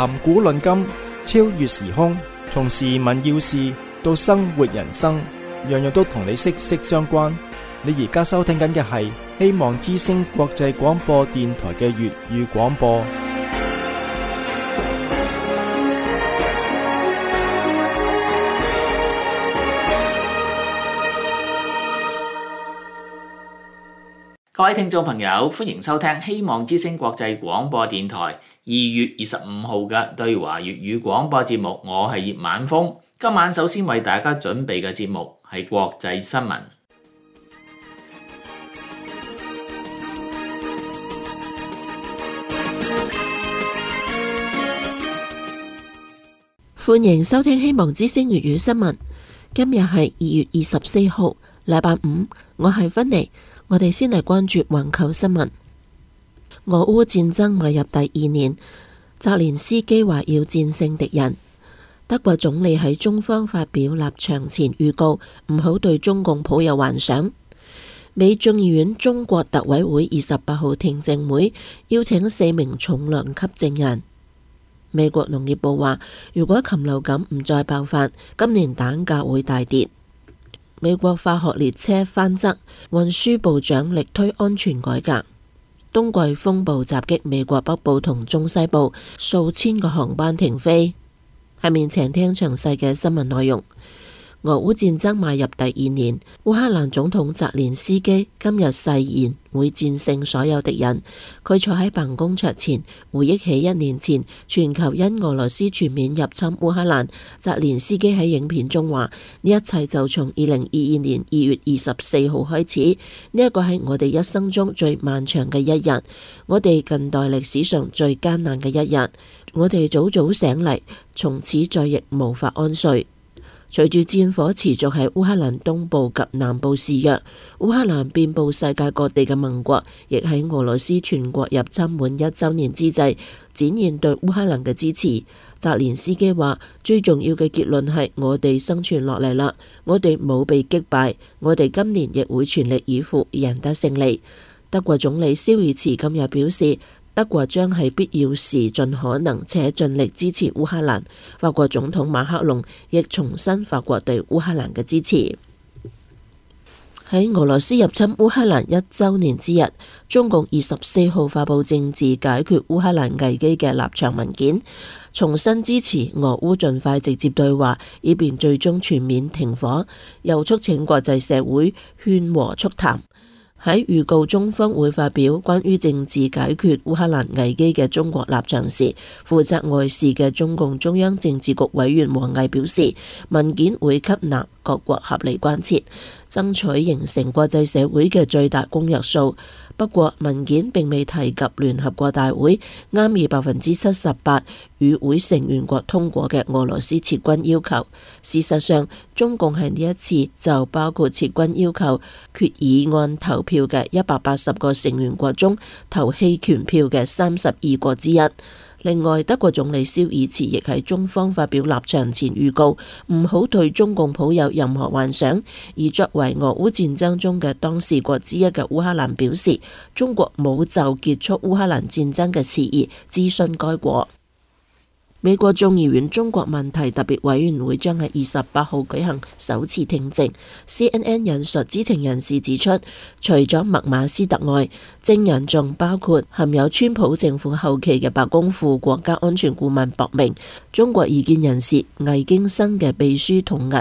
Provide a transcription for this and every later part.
談古論今，超越時空，從時聞要事到生活人生，樣樣都同你息息相關。你而家收聽緊嘅係希望之聲國際廣播電台嘅粵語廣播。各位聽眾朋友，歡迎收聽希望之聲國際廣播電台。二月二十五號嘅對華粵語廣播節目，我係葉晚峰。今晚首先為大家準備嘅節目係國際新聞。歡迎收聽希望之聲粵語新聞。今日係二月二十四號，禮拜五，我係芬妮。我哋先嚟關注環球新聞。俄烏戰爭邁入第二年，澤連斯基話要戰勝敵人。德國總理喺中方發表立場前預告，唔好對中共抱有幻想。美眾議院中國特委會二十八號聽證會邀請四名重量級證人。美國農業部話，如果禽流感唔再爆發，今年蛋價會大跌。美國化學列車翻側，運輸部長力推安全改革。冬季風暴襲擊美國北部同中西部，數千個航班停飛。下面請聽詳細嘅新聞內容。俄烏戰爭邁入第二年，烏克蘭總統澤連斯基今日誓言會戰勝所有敵人。佢坐喺辦公桌前，回憶起一年前全球因俄羅斯全面入侵烏克蘭。澤連斯基喺影片中話：呢一切就從二零二二年二月二十四號開始。呢一個係我哋一生中最漫長嘅一日，我哋近代歷史上最艱難嘅一日。我哋早早醒嚟，從此再亦無法安睡。隨住戰火持續喺烏克蘭東部及南部肆虐，烏克蘭遍布世界各地嘅盟國亦喺俄羅斯全國入侵滿一周年之際，展現對烏克蘭嘅支持。澤連斯基話：最重要嘅結論係我哋生存落嚟啦，我哋冇被擊敗，我哋今年亦會全力以赴贏得勝利。德國總理肖爾茨今日表示：德國將喺必要時盡可能且盡力支持烏克蘭。法國總統馬克龍亦重申法國對烏克蘭嘅支持。喺俄羅斯入侵烏克蘭一周年之日，中共二十四號發布政治解決烏克蘭危機嘅立場文件，重新支持俄烏盡快直接對話，以便最終全面停火，又促請國際社會勸和促談。喺預告中方會發表關於政治解決烏克蘭危機嘅中國立場時，負責外事嘅中共中央政治局委員王毅表示，文件會吸納各國合理關切。爭取形成國際社會嘅最大公約數，不過文件並未提及聯合國大會啱以百分之七十八與會成員國通過嘅俄羅斯撤軍要求。事實上，中共喺呢一次就包括撤軍要求決議案投票嘅一百八十個成員國中投棄權票嘅三十二國之一。另外，德國總理肖爾茨亦喺中方發表立場前預告，唔好對中共抱有任何幻想。而作為俄烏戰爭中嘅當事國之一嘅烏克蘭表示，中國冇就結束烏克蘭戰爭嘅事宜諮詢該國。美國眾議院中國問題特別委員會將喺二十八號舉行首次聽證。CNN 引述知情人士指出，除咗麥馬斯特外，證人仲包括含有川普政府後期嘅白宮副國家安全顧問博明、中國異見人士魏京生嘅秘書童毅、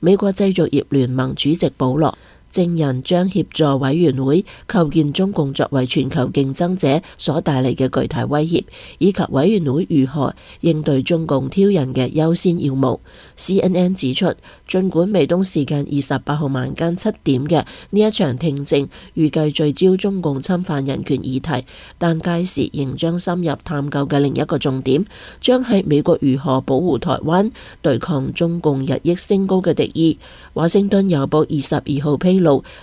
美國製造業聯盟主席保羅。證人將協助委員會構建中共作為全球競爭者所帶嚟嘅具體威脅，以及委員會如何應對中共挑釁嘅優先要務。CNN 指出，儘管美東時間二十八號晚間七點嘅呢一場聽證預計聚焦中共侵犯人權議題，但屆時仍將深入探究嘅另一個重點，將喺美國如何保護台灣對抗中共日益升高嘅敵意。《華盛頓郵報》二十二號披。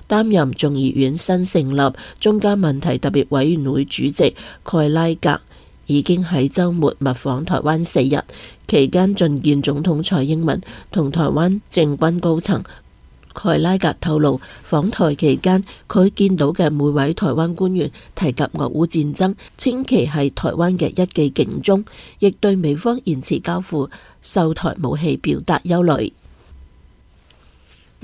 擔任眾議院新成立中間問題特別委員會主席蓋拉格已經喺周末密訪台灣四日，期間進見總統蔡英文同台灣政軍高層。蓋拉格透露，訪台期間佢見到嘅每位台灣官員提及俄烏戰爭，稱其係台灣嘅一記警鐘，亦對美方延遲交付售台武器表達憂慮。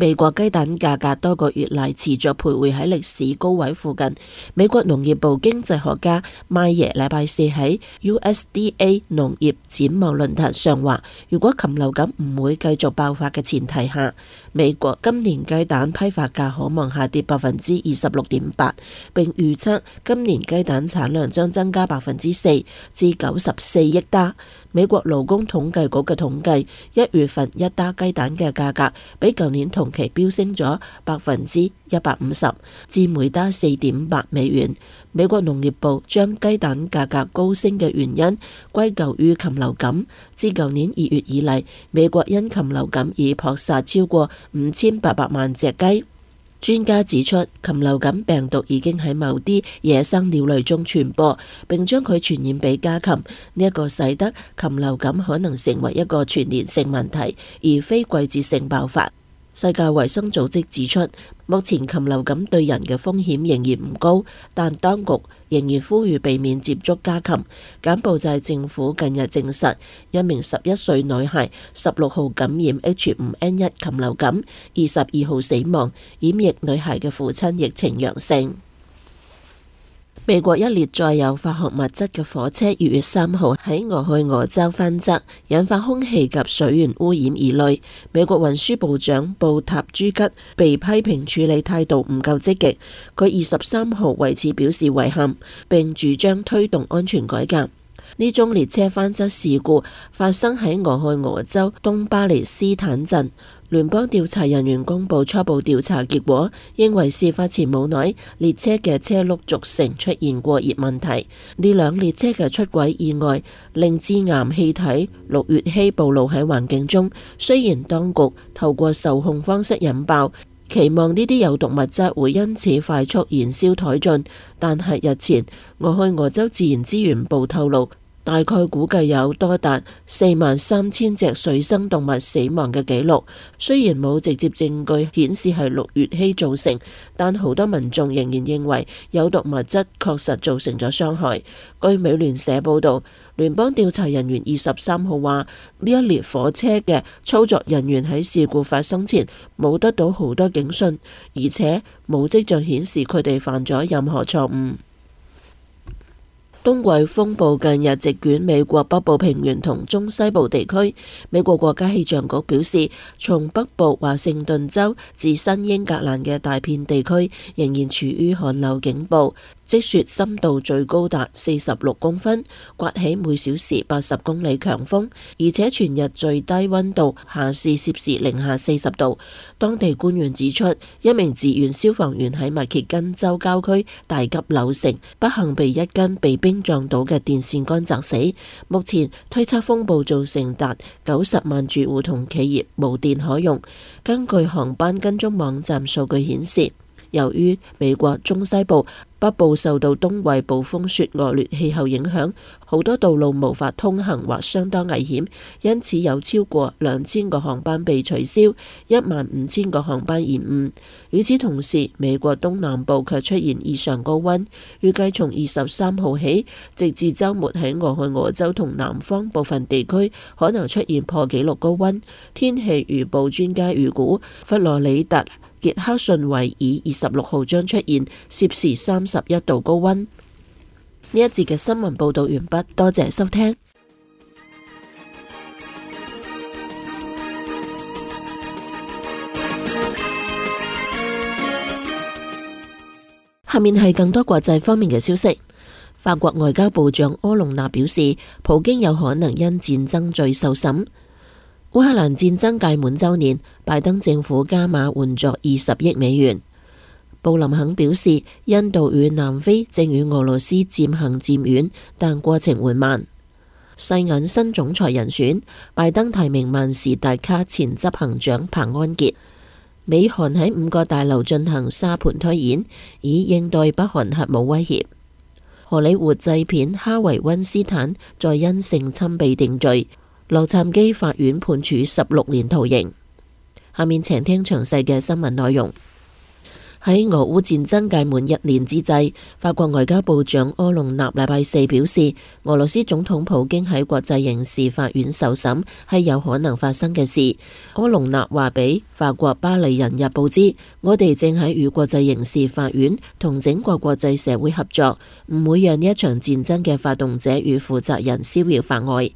美國雞蛋價格多個月嚟，持續徘徊喺歷史高位附近。美國農業部經濟學家邁耶禮拜四喺 USDA 農業展望論壇上話，如果禽流感唔會繼續爆發嘅前提下。美國今年雞蛋批發價可望下跌百分之二十六點八，並預測今年雞蛋產量將增加百分之四，至九十四億打。美國勞工統計局嘅統計，一月份一打雞蛋嘅價格比去年同期飆升咗百分之一百五十，至每打四點八美元。美國農業部將雞蛋價格高升嘅原因歸咎於禽流感。自舊年二月以嚟，美國因禽流感已撲殺超過，五千八百萬隻雞，專家指出禽流感病毒已經喺某啲野生鳥類中傳播，並將佢傳染俾家禽。呢一個使得禽流感可能成為一個全年性問題，而非季節性爆發。世界衛生組織指出，目前禽流感對人嘅風險仍然唔高，但當局仍然呼籲避免接觸家禽。柬埔寨政府近日證實，一名十一歲女孩十六號感染 H 五 N 一禽流感，二十二號死亡，染疫女孩嘅父親疫情陽性。美國一列載有化學物質嘅火車，二月三號喺俄亥俄州翻側，引發空氣及水源污染疑慮。美國運輸部長布塔朱吉被批評處理態度唔夠積極，佢二十三號為此表示遺憾，並主張推動安全改革。呢宗列車翻側事故發生喺俄亥俄州東巴勒斯坦鎮。聯邦調查人員公布初步調查結果，認為事發前冇耐列車嘅車轆軸承出現過熱問題。呢兩列車嘅出軌意外令致癌氣體氯乙烯暴露喺環境中。雖然當局透過受控方式引爆，期望呢啲有毒物質會因此快速燃燒殆盡，但係日前俄亥俄州自然資源部透露。大概估計有多達四萬三千隻水生動物死亡嘅記錄，雖然冇直接證據顯示係六月熙造成，但好多民眾仍然認為有毒物質確實造成咗傷害。據美聯社報道，聯邦調查人員二十三號話，呢一列火車嘅操作人員喺事故發生前冇得到好多警訊，而且冇跡象顯示佢哋犯咗任何錯誤。冬季風暴近日席捲美國北部平原同中西部地區。美國國家氣象局表示，從北部華盛頓州至新英格蘭嘅大片地區仍然處於寒流警報。積雪深度最高達四十六公分，颳起每小時八十公里強風，而且全日最低溫度下市攝氏零下四十度。當地官員指出，一名自願消防員喺密歇根州郊區大急流城不幸被一根被冰撞倒嘅電線桿砸死。目前推測，風暴造成達九十萬住戶同企業無電可用。根據航班跟蹤網站數據顯示，由於美國中西部。北部受到冬季暴風雪惡劣氣候影響，好多道路無法通行或相當危險，因此有超過兩千個航班被取消，一萬五千個航班延誤。與此同時，美國東南部卻出現異常高温，預計從二十三號起，直至周末喺俄亥俄州同南方部分地區可能出現破紀錄高温。天氣預報專家預估，佛羅里達。傑克遜維爾二十六號將出現攝氏三十一度高溫。呢一節嘅新聞報道完畢，多謝收聽。下面係更多國際方面嘅消息。法國外交部長柯隆娜表示，普京有可能因戰爭罪受審。烏克蘭戰爭屆滿周年，拜登政府加碼援助二十億美元。布林肯表示，印度與南非正與俄羅斯漸行漸遠，但過程緩慢。世銀新總裁人選，拜登提名萬事達卡前執行長彭安傑。美韓喺五個大樓進行沙盤推演，以應對北韓核武威脅。荷里活製片哈維溫斯坦再因性侵被定罪。洛杉磯法院判處十六年徒刑。下面請聽詳細嘅新聞內容。喺俄烏戰爭屆滿一年之際，法國外交部長柯隆納禮拜四表示，俄羅斯總統普京喺國際刑事法院受審係有可能發生嘅事。柯隆納話俾法國巴黎人日報知：我哋正喺與國際刑事法院同整個國際社會合作，唔會讓呢一場戰爭嘅發動者與負責人逍遙法外。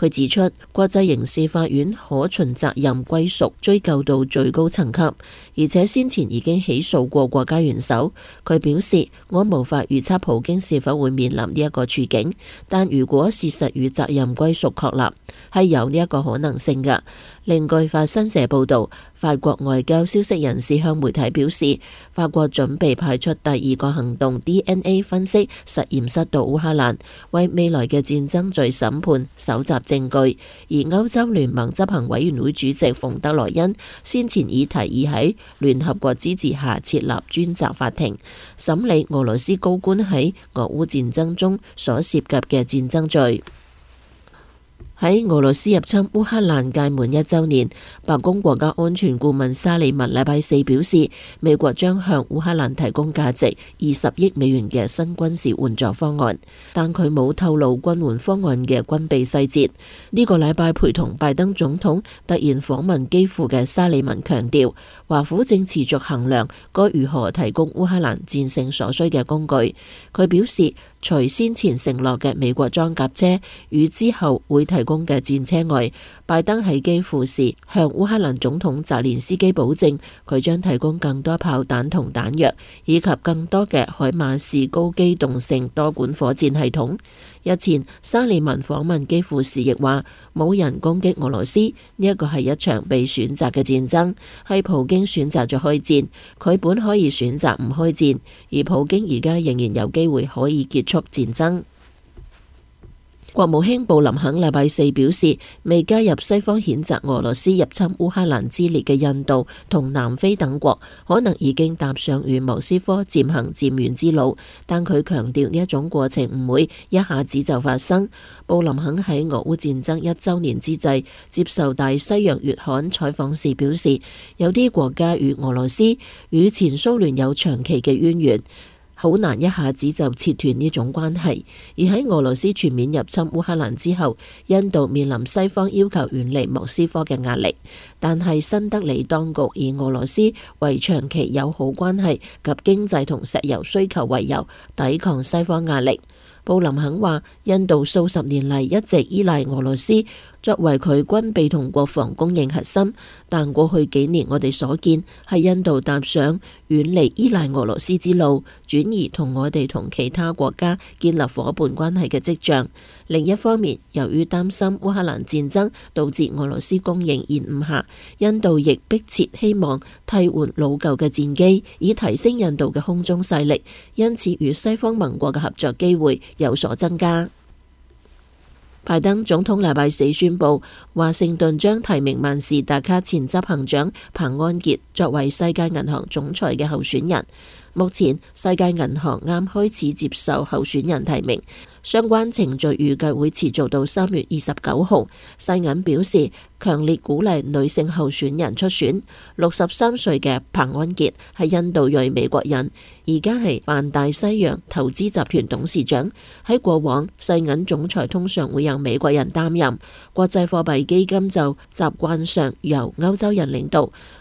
佢指出，國際刑事法院可循責任歸屬追究到最高層級，而且先前已經起訴過國家元首。佢表示，我無法預測普京是否會面臨呢一個處境，但如果事實與責任歸屬確立，係有呢一個可能性嘅。另據法新社報導，法國外交消息人士向媒體表示，法國準備派出第二個行動 DNA 分析實驗室到烏克蘭，為未來嘅戰爭罪審判搜集證據。而歐洲聯盟執行委員會主席馮德萊恩先前已提議喺聯合國支持下設立專責法庭，審理俄羅斯高官喺俄烏戰爭中所涉及嘅戰爭罪。喺俄羅斯入侵烏克蘭屆滿一週年，白宮國家安全顧問沙利文禮拜四表示，美國將向烏克蘭提供價值二十億美元嘅新軍事援助方案，但佢冇透露軍援方案嘅軍備細節。呢個禮拜陪同拜登總統突然訪問基輔嘅沙利文強調，華府正持續衡量該如何提供烏克蘭戰勝所需嘅工具。佢表示。除先前承諾嘅美國裝甲車與之後會提供嘅戰車外，拜登喺基輔時向烏克蘭總統澤連斯基保證，佢將提供更多炮彈同彈藥，以及更多嘅海馬士高機動性多管火箭系統。日前，沙利文訪問基輔時亦話：冇人攻擊俄羅斯，呢一個係一場被選擇嘅戰爭，係普京選擇咗開戰，佢本可以選擇唔開戰，而普京而家仍然有機會可以結束戰爭。國務卿布林肯禮拜四表示，未加入西方譴責俄羅斯入侵烏克蘭之列嘅印度同南非等國，可能已經踏上與莫斯科漸行漸遠之路，但佢強調呢一種過程唔會一下子就發生。布林肯喺俄烏戰爭一周年之際接受大西洋月刊採訪時表示，有啲國家與俄羅斯與前蘇聯有長期嘅淵源。好難一下子就切斷呢種關係，而喺俄羅斯全面入侵烏克蘭之後，印度面臨西方要求遠離莫斯科嘅壓力，但係新德里當局以俄羅斯為長期友好關係及經濟同石油需求為由，抵抗西方壓力。布林肯話：印度數十年嚟一直依賴俄羅斯。作為佢軍備同國防供應核心，但過去幾年我哋所見係印度踏上遠離依賴俄羅斯之路，轉移同我哋同其他國家建立夥伴關係嘅跡象。另一方面，由於擔心烏克蘭戰爭導致俄羅斯供應延誤下，印度亦迫切希望替換老舊嘅戰機，以提升印度嘅空中勢力。因此，與西方盟國嘅合作機會有所增加。拜登總統禮拜四宣布，華盛頓將提名萬事達卡前執行長彭安傑作為世界銀行總裁嘅候選人。目前，世界銀行啱開始接受候選人提名。相關程序預計會持續到三月二十九號。世銀表示，強烈鼓勵女性候選人出選。六十三歲嘅彭安傑係印度裔美國人，而家係泛大西洋投資集團董事長。喺過往，世銀總裁通常會由美國人擔任，國際貨幣基金就習慣上由歐洲人領導。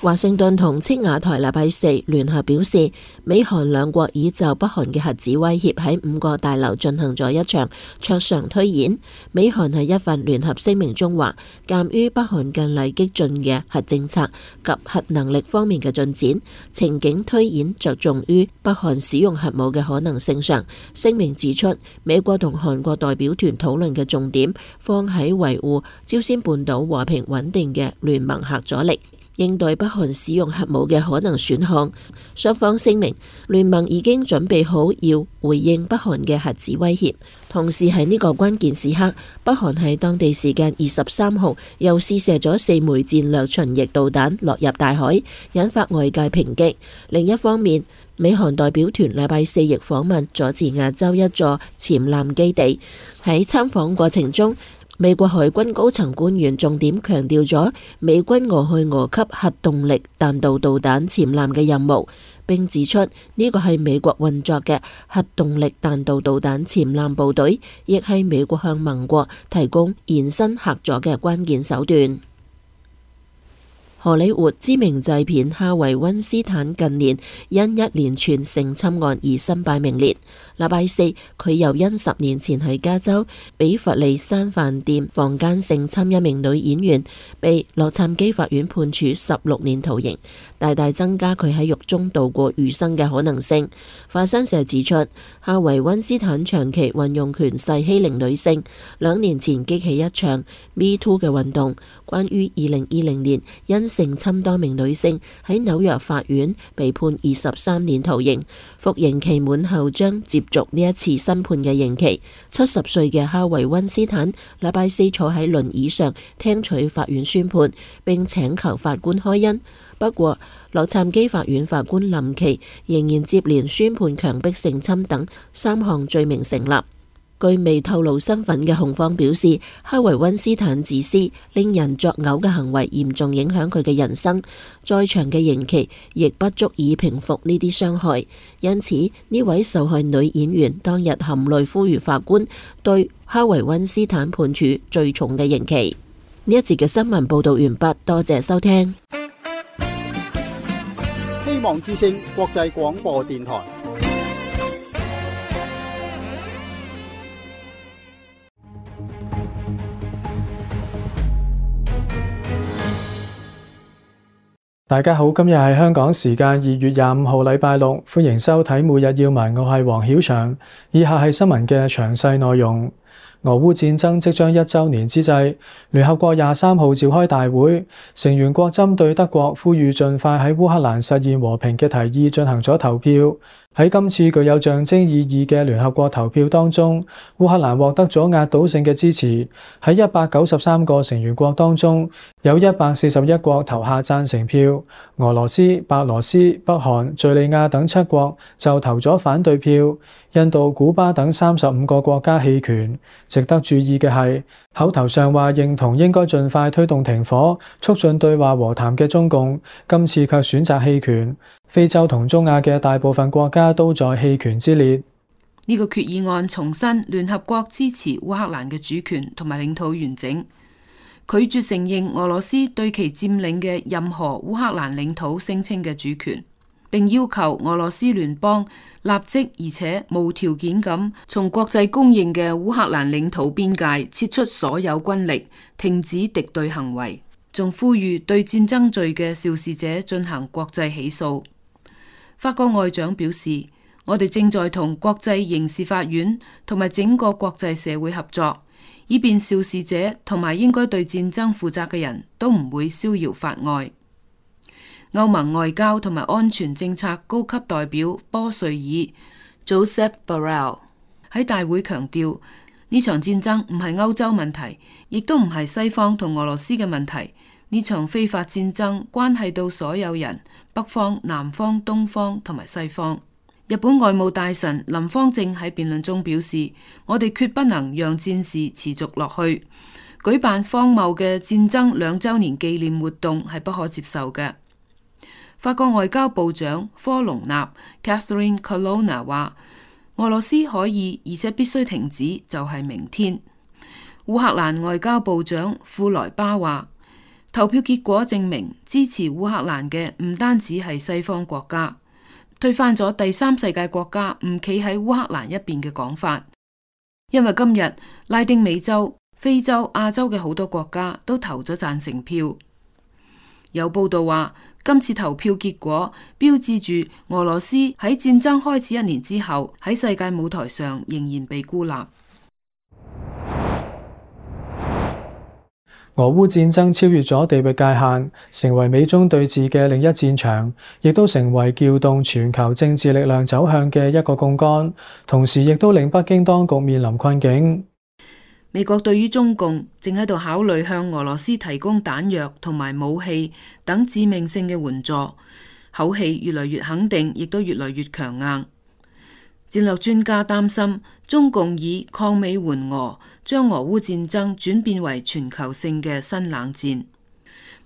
華盛頓同青瓦台禮拜四聯合表示，美韓兩國已就北韓嘅核子威脅喺五角大樓進行咗一場桌上推演。美韓喺一份聯合聲明中話，鑒於北韓近嚟激進嘅核政策及核能力方面嘅進展，情景推演着重於北韓使用核武嘅可能性上。聲明指出，美國同韓國代表團討論嘅重點放喺維護朝鮮半島和平穩定嘅聯盟核阻力。應對北韓使用核武嘅可能選項，雙方聲明聯盟已經準備好要回應北韓嘅核子威脅。同時喺呢個關鍵時刻，北韓喺當地時間二十三號又試射咗四枚戰略巡航導彈落入大海，引發外界抨擊。另一方面，美韓代表團禮拜四亦訪問佐治亞州一座潛艦基地，喺參訪過程中。美國海軍高層官員重點強調咗美軍俄去俄級核動力彈道導彈潛艦嘅任務，並指出呢個係美國運作嘅核動力彈道導彈潛艦部隊，亦係美國向盟國提供延伸合作嘅關鍵手段。荷里活知名製片哈維溫斯坦近年因一連串性侵案而身敗名裂。禮拜四，佢又因十年前喺加州比佛利山飯店房間性侵一名女演員，被洛杉磯法院判處十六年徒刑，大大增加佢喺獄中度過餘生嘅可能性。法新社指出，哈維溫斯坦長期運用權勢欺凌女性，兩年前激起一場 MeToo 嘅運動。關於二零二零年因性侵多名女性喺紐約法院被判二十三年徒刑。服刑期滿後，將接續呢一次審判嘅刑期。七十歲嘅哈維溫斯坦禮拜四坐喺輪椅上聽取法院宣判，並請求法官開恩。不過，洛杉磯法院法官林奇仍然接連宣判強迫性侵等三項罪名成立。據未透露身份嘅控方表示，哈維溫斯坦自私、令人作嘔嘅行為嚴重影響佢嘅人生，再長嘅刑期亦不足以平復呢啲傷害，因此呢位受害女演員當日含淚呼籲法官對哈維溫斯坦判處最重嘅刑期。呢一節嘅新聞報道完畢，多謝收聽，希望之聲國際廣播電台。大家好，今日係香港時間二月廿五號禮拜六，歡迎收睇每日要聞，我係黃曉翔。以下係新聞嘅詳細內容：俄烏戰爭即將一週年之際，聯合國廿三號召開大會，成員國針對德國呼籲盡快喺烏克蘭實現和平嘅提議進行咗投票。喺今次具有象徵意義嘅聯合國投票當中，烏克蘭獲得咗壓倒性嘅支持。喺一百九十三個成員國當中，有一百四十一國投下贊成票，俄羅斯、白羅斯、北韓、敍利亞等七國就投咗反對票。印度、古巴等三十五個國家棄權。值得注意嘅係，口頭上話認同應該盡快推動停火、促進對話和談嘅中共，今次卻選擇棄權。非洲同中亞嘅大部分國家都在棄權之列。呢個決議案重申聯合國支持烏克蘭嘅主權同埋領土完整，拒絕承認俄羅斯對其佔領嘅任何烏克蘭領土聲稱嘅主權，並要求俄羅斯聯邦立即而且無條件咁從國際公認嘅烏克蘭領土邊界撤出所有軍力，停止敵對行為，仲呼籲對戰爭罪嘅肇事者進行國際起訴。法國外長表示：我哋正在同國際刑事法院同埋整個國際社會合作，以便肇事者同埋應該對戰爭負責嘅人都唔會逍遙法外。歐盟外交同埋安全政策高級代表波瑞爾 （Josep Borrell） 喺大會強調：呢場戰爭唔係歐洲問題，亦都唔係西方同俄羅斯嘅問題。呢場非法戰爭關係到所有人，北方、南方、東方同埋西方。日本外務大臣林芳正喺辯論中表示：我哋絕不能讓戰事持續落去，舉辦荒謬嘅戰爭兩周年紀念活動係不可接受嘅。法國外交部長科隆納 （Catherine Colonna） 話：俄羅斯可以而且必須停止，就係、是、明天。烏克蘭外交部長庫萊巴話。投票結果證明支持烏克蘭嘅唔單止係西方國家，推翻咗第三世界國家唔企喺烏克蘭一邊嘅講法，因為今日拉丁美洲、非洲、亞洲嘅好多國家都投咗贊成票。有報道話，今次投票結果標誌住俄羅斯喺戰爭開始一年之後，喺世界舞台上仍然被孤立。俄烏戰爭超越咗地域界限，成為美中對峙嘅另一戰場，亦都成為撬動全球政治力量走向嘅一個槓桿，同時亦都令北京當局面臨困境。美國對於中共正喺度考慮向俄羅斯提供彈藥同埋武器等致命性嘅援助，口氣越嚟越肯定，亦都越嚟越強硬。戰略專家擔心中共以抗美援俄。將俄烏戰爭轉變為全球性嘅新冷戰。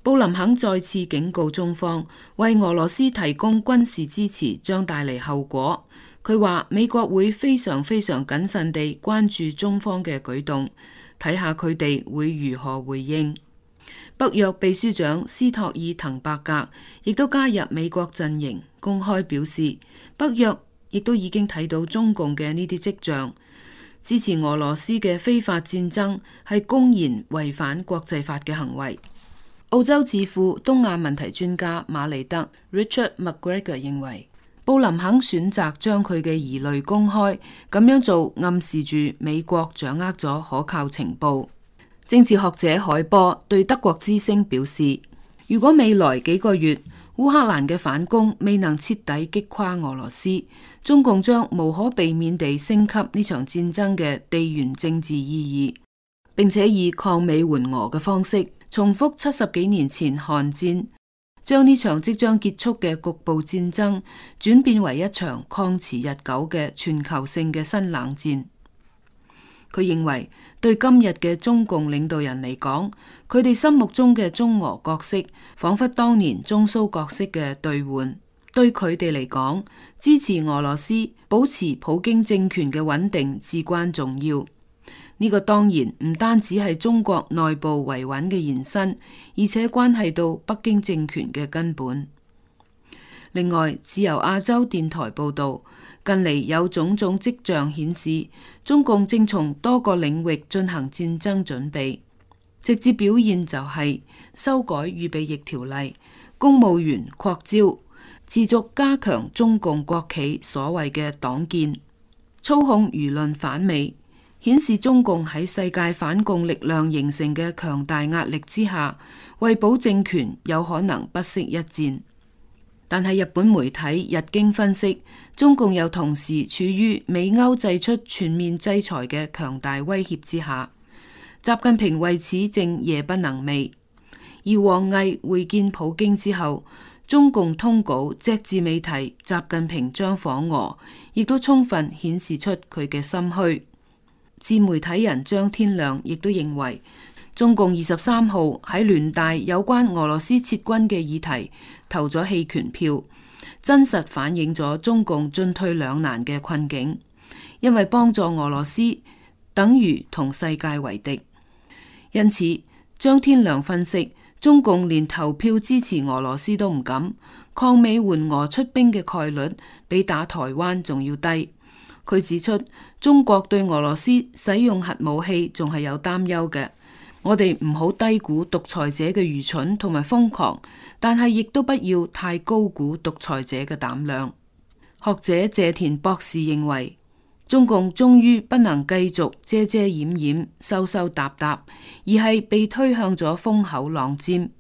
布林肯再次警告中方，為俄羅斯提供軍事支持將帶嚟後果。佢話美國會非常非常謹慎地關注中方嘅舉動，睇下佢哋會如何回應。北約秘書長斯托爾滕伯格亦都加入美國陣營，公開表示北約亦都已經睇到中共嘅呢啲跡象。支持俄羅斯嘅非法戰爭係公然違反國際法嘅行為。澳洲智庫東亞問題專家馬利德 Richard McGregor 認為，布林肯選擇將佢嘅疑慮公開，咁樣做暗示住美國掌握咗可靠情報。政治學者海波對德國之聲表示，如果未來幾個月烏克蘭嘅反攻未能徹底擊垮俄羅斯，中共將無可避免地升級呢場戰爭嘅地緣政治意義，並且以抗美援俄嘅方式重複七十幾年前韓戰，將呢場即將結束嘅局部戰爭轉變為一場曠日持久嘅全球性嘅新冷戰。佢認為，對今日嘅中共領導人嚟講，佢哋心目中嘅中俄角色，彷彿當年中蘇角色嘅對換。對佢哋嚟講，支持俄羅斯保持普京政權嘅穩定至關重要。呢個當然唔單止係中國內部維穩嘅延伸，而且關係到北京政權嘅根本。另外，自由亞洲電台報道。近嚟有種種跡象顯示，中共正從多個領域進行戰爭準備。直接表現就係修改預備役條例、公務員擴招、持續加強中共國企所謂嘅黨建、操控輿論反美，顯示中共喺世界反共力量形成嘅強大壓力之下，為保政權有可能不惜一戰。但係日本媒體日經分析，中共又同時處於美歐祭出全面制裁嘅強大威脅之下，習近平為此正夜不能寐。而王毅會見普京之後，中共通稿隻字未提，習近平將訪俄，亦都充分顯示出佢嘅心虛。自媒體人張天亮亦都認為，中共二十三號喺聯大有關俄羅斯撤軍嘅議題投咗棄權票，真實反映咗中共進退兩難嘅困境。因為幫助俄羅斯，等於同世界為敵。因此，張天良分析，中共連投票支持俄羅斯都唔敢，抗美援俄出兵嘅概率比打台灣仲要低。佢指出，中國對俄羅斯使用核武器仲係有擔憂嘅。我哋唔好低估獨裁者嘅愚蠢同埋瘋狂，但係亦都不要太高估獨裁者嘅膽量。學者謝田博士認為，中共終於不能繼續遮遮掩掩、羞羞答答，而係被推向咗風口浪尖。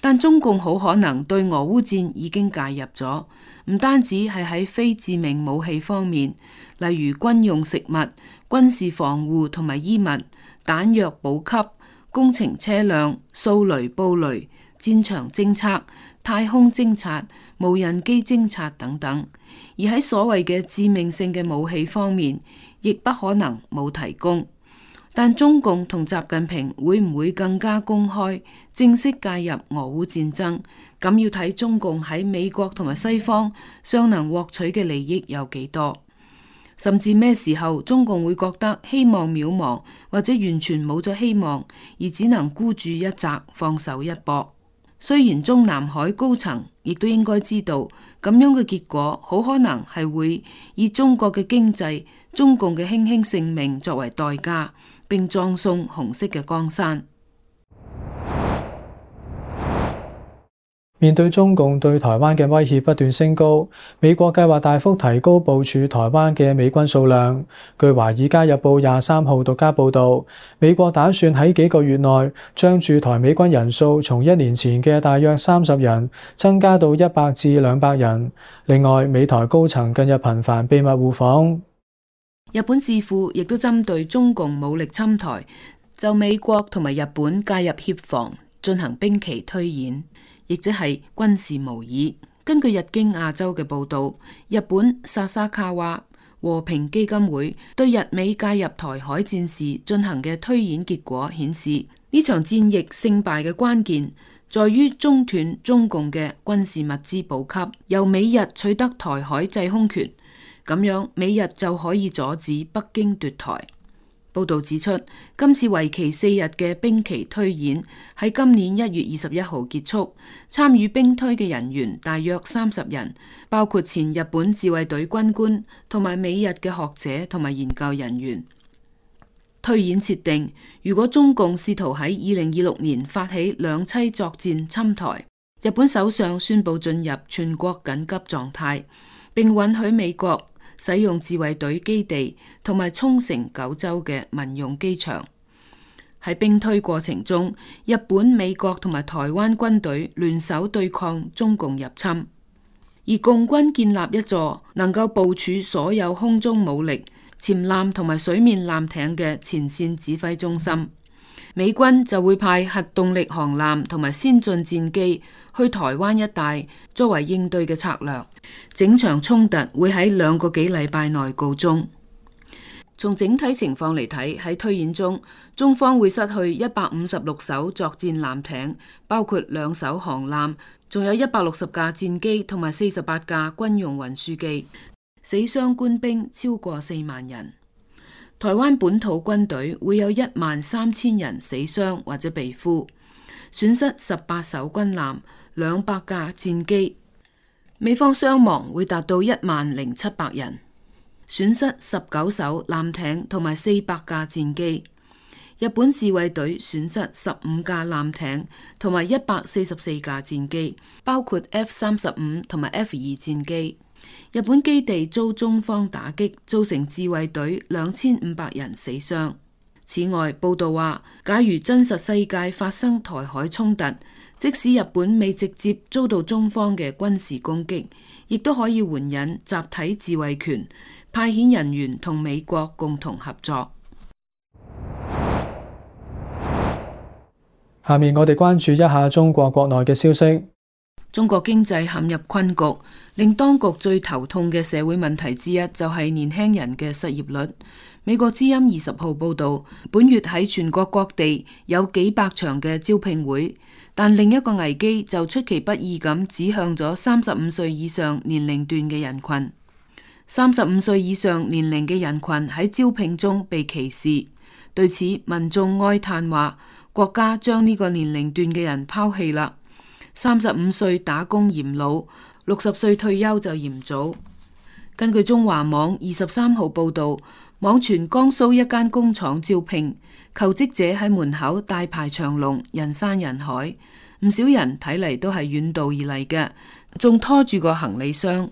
但中共好可能對俄烏戰已經介入咗，唔單止係喺非致命武器方面，例如軍用食物、軍事防護同埋衣物、彈藥補給。工程車輛、掃雷、布雷、戰場偵察、太空偵察、無人機偵察等等，而喺所謂嘅致命性嘅武器方面，亦不可能冇提供。但中共同習近平會唔會更加公開，正式介入俄烏戰爭？咁要睇中共喺美國同埋西方尚能獲取嘅利益有幾多。甚至咩時候中共會覺得希望渺茫，或者完全冇咗希望，而只能孤注一擲、放手一搏。雖然中南海高層亦都應該知道，咁樣嘅結果好可能係會以中國嘅經濟、中共嘅卿卿性命作為代價，並葬送紅色嘅江山。面對中共對台灣嘅威脅不斷升高，美國計劃大幅提高部署台灣嘅美軍數量。據《華爾街日報》廿三號獨家報道，美國打算喺幾個月內將駐台美軍人數從一年前嘅大約三十人增加到一百至兩百人。另外，美台高層近日頻繁秘密互訪。日本智庫亦都針對中共武力侵台，就美國同埋日本介入協防進行兵棋推演。亦即係軍事模擬。根據日經亞洲嘅報導，日本薩沙卡瓦和平基金會對日美介入台海戰事進行嘅推演結果顯示，呢場戰役勝敗嘅關鍵，在於中斷中共嘅軍事物資補給，由美日取得台海制空權，咁樣美日就可以阻止北京奪台。報道指出，今次為期四日嘅兵棋推演喺今年一月二十一號結束。參與兵推嘅人員大約三十人，包括前日本自衛隊軍官同埋美日嘅學者同埋研究人員。推演設定，如果中共試圖喺二零二六年發起兩棲作戰侵台，日本首相宣布進入全國緊急狀態，并允許美國。使用自衛隊基地同埋沖繩九州嘅民用機場。喺兵推過程中，日本、美國同埋台灣軍隊聯手對抗中共入侵，而共軍建立一座能夠部署所有空中武力、潛艦同埋水面艦艇嘅前線指揮中心。美軍就會派核動力航艦同埋先進戰機去台灣一帶作為應對嘅策略。整場衝突會喺兩個幾禮拜內告終。從整體情況嚟睇，喺推演中，中方會失去一百五十六艘作戰艦艇，包括兩艘航艦，仲有一百六十架戰機同埋四十八架軍用運輸機，死傷官兵超過四萬人。台灣本土軍隊會有一萬三千人死傷或者被俘，損失十八艘軍艦、兩百架戰機；美方傷亡會達到一萬零七百人，損失十九艘艦艇同埋四百架戰機；日本自衛隊損失十五架艦艇同埋一百四十四架戰機，包括 F 三十五同埋 F 二戰機。日本基地遭中方打擊，造成自衛隊兩千五百人死傷。此外，報道話，假如真實世界發生台海衝突，即使日本未直接遭到中方嘅軍事攻擊，亦都可以援引集體自衛權，派遣人員同美國共同合作。下面我哋關注一下中國國內嘅消息。中國經濟陷入困局。令當局最頭痛嘅社會問題之一就係年輕人嘅失業率。美國之音二十號報道，本月喺全國各地有幾百場嘅招聘會，但另一個危機就出其不意咁指向咗三十五歲以上年齡段嘅人群。三十五歲以上年齡嘅人群喺招聘中被歧視，對此民眾哀嘆話：國家將呢個年齡段嘅人拋棄啦。三十五歲打工嫌老，六十歲退休就嫌早。根據中華網二十三號報道，網傳江蘇一間工廠招聘，求職者喺門口大排長龍，人山人海，唔少人睇嚟都係遠道而嚟嘅，仲拖住個行李箱。